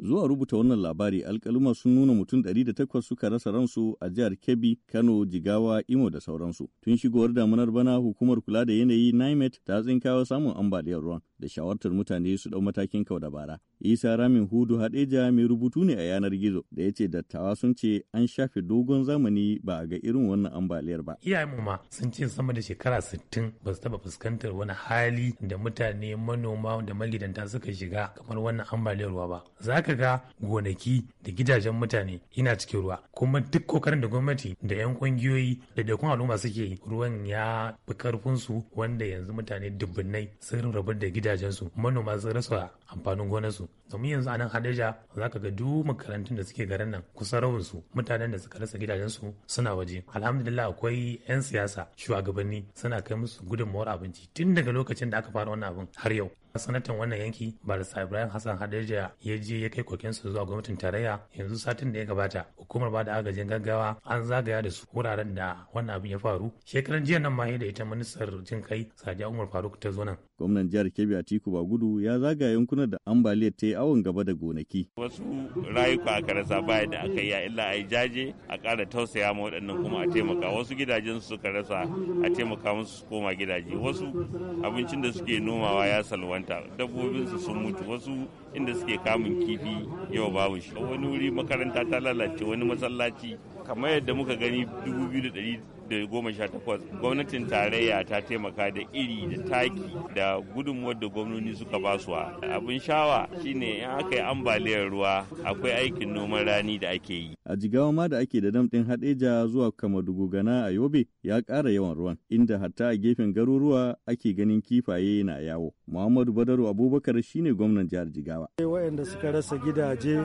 Zuwa rubuta wannan labari alkaluma sun nuna mutum 108 suka rasa ransu a jihar Kebbi, Kano, Jigawa, Imo da sauransu. Tun shigowar damunar bana hukumar kula da yanayi NIMET ta tsinkawa samun ambaliyar ruwan da shawartar mutane su dau matakin kau da bara. Isa Ramin Hudu Hadeja mai rubutu ne a yanar gizo da ya ce dattawa sun ce an shafe dogon zamani ba ga irin wannan ambaliyar ba. Iyayenmu ma sun ce sama da shekara sittin ba su taba fuskantar wani hali da mutane manoma da malidanta suka shiga kamar wannan ambaliyar ruwa ba. Za ka ga gonaki da gidajen mutane ina cikin ruwa kuma duk kokarin da gwamnati da 'yan kungiyoyi da dakon al'umma suke yi ruwan ya fi karfinsu wanda yanzu mutane dubbinai sun rabu da gidajensu manoma sun rasa amfanin gonarsu domin yanzu anan hadeja za ka ga duk makarantun da suke garin nan kusa rawansu mutanen da suka rasa gidajensu suna waje alhamdulillah akwai 'yan siyasa shugabanni suna kai musu gudunmawar abinci tun daga lokacin da aka fara wannan abin har yau a sanatan wannan yanki barista ibrahim hassan hadeja ya je ya kai kokensu zuwa gwamnatin tarayya yanzu satin da ya gabata hukumar ba da agajin gaggawa an zagaya da su wuraren da wannan abin ya faru shekaran jiya nan ma da ita ministar jin kai sadiya umar faruk ta zo nan gwamnan jihar kebbi ba gudu ya zagaya yankunan da ambaliyar ta yi awon gaba da gonaki wasu rayuka aka rasa baya da aka yi illa a yi jaje a kara tausaya ma waɗannan kuma a taimaka wasu gidajen suka rasa a taimaka musu su koma gidaje wasu abincin da suke nomawa ya salwa dabbobin dabbobinsu sun mutu wasu inda suke kamun kifi yau babu shi wani wuri makaranta ta lalace wani masallaci kamar yadda muka gani da sha gwamnatin tarayya ta taimaka da iri da taki da gudunmuwar da gwamnoni suka ba basuwa abin shawa shine in aka yi ambaliyar ruwa akwai aikin noman rani da ake yi a jigawa ma da ake da dam ɗin hadeja zuwa kamadugu gana a yobe ya ƙara yawan ruwan inda hatta a gefen garuruwa ake ganin kifaye na yawo muhammadu badaru abubakar shine gwamnan jihar jigawa waɗanda suka rasa gidaje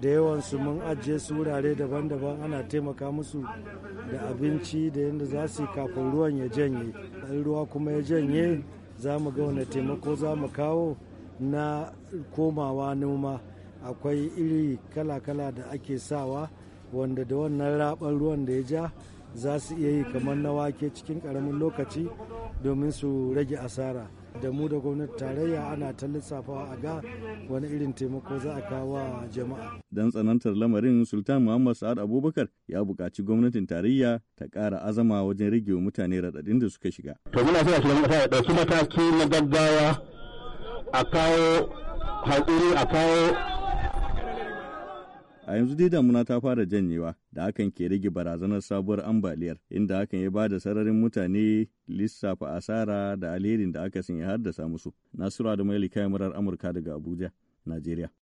da yawansu mun ajiye su wurare daban-daban ana taimaka musu da abinci da yadda za su yi kafin ruwan ya janye ɗan ruwa kuma ya janye za mu ga wani taimako za mu kawo na komawa noma akwai iri kala-kala da ake sawa wanda da wannan raɓar ruwan da ya ja za su iya yi kamar na wake cikin ƙaramin lokaci domin su rage asara. da mu da gwamnati tarayya ana ta lissafawa a ga wani irin taimako za a kawo jama'a. Don tsanantar lamarin Sultan Muhammad Sa'ad Abubakar ya buƙaci gwamnatin tarayya ta ƙara azama wajen rage mutane raɗaɗin da suka shiga. To muna so shugaban ƙasa da ɗauki mataki na gaggawa a kawo haƙuri a kawo a yanzu dai damuna ta fara janyewa da hakan ke rage barazanar sabuwar ambaliyar inda hakan ya ba da sararin mutane lissafa asara da alherin da aka ya haddasa musu nasura da maili kayan murar amurka daga abuja najeriya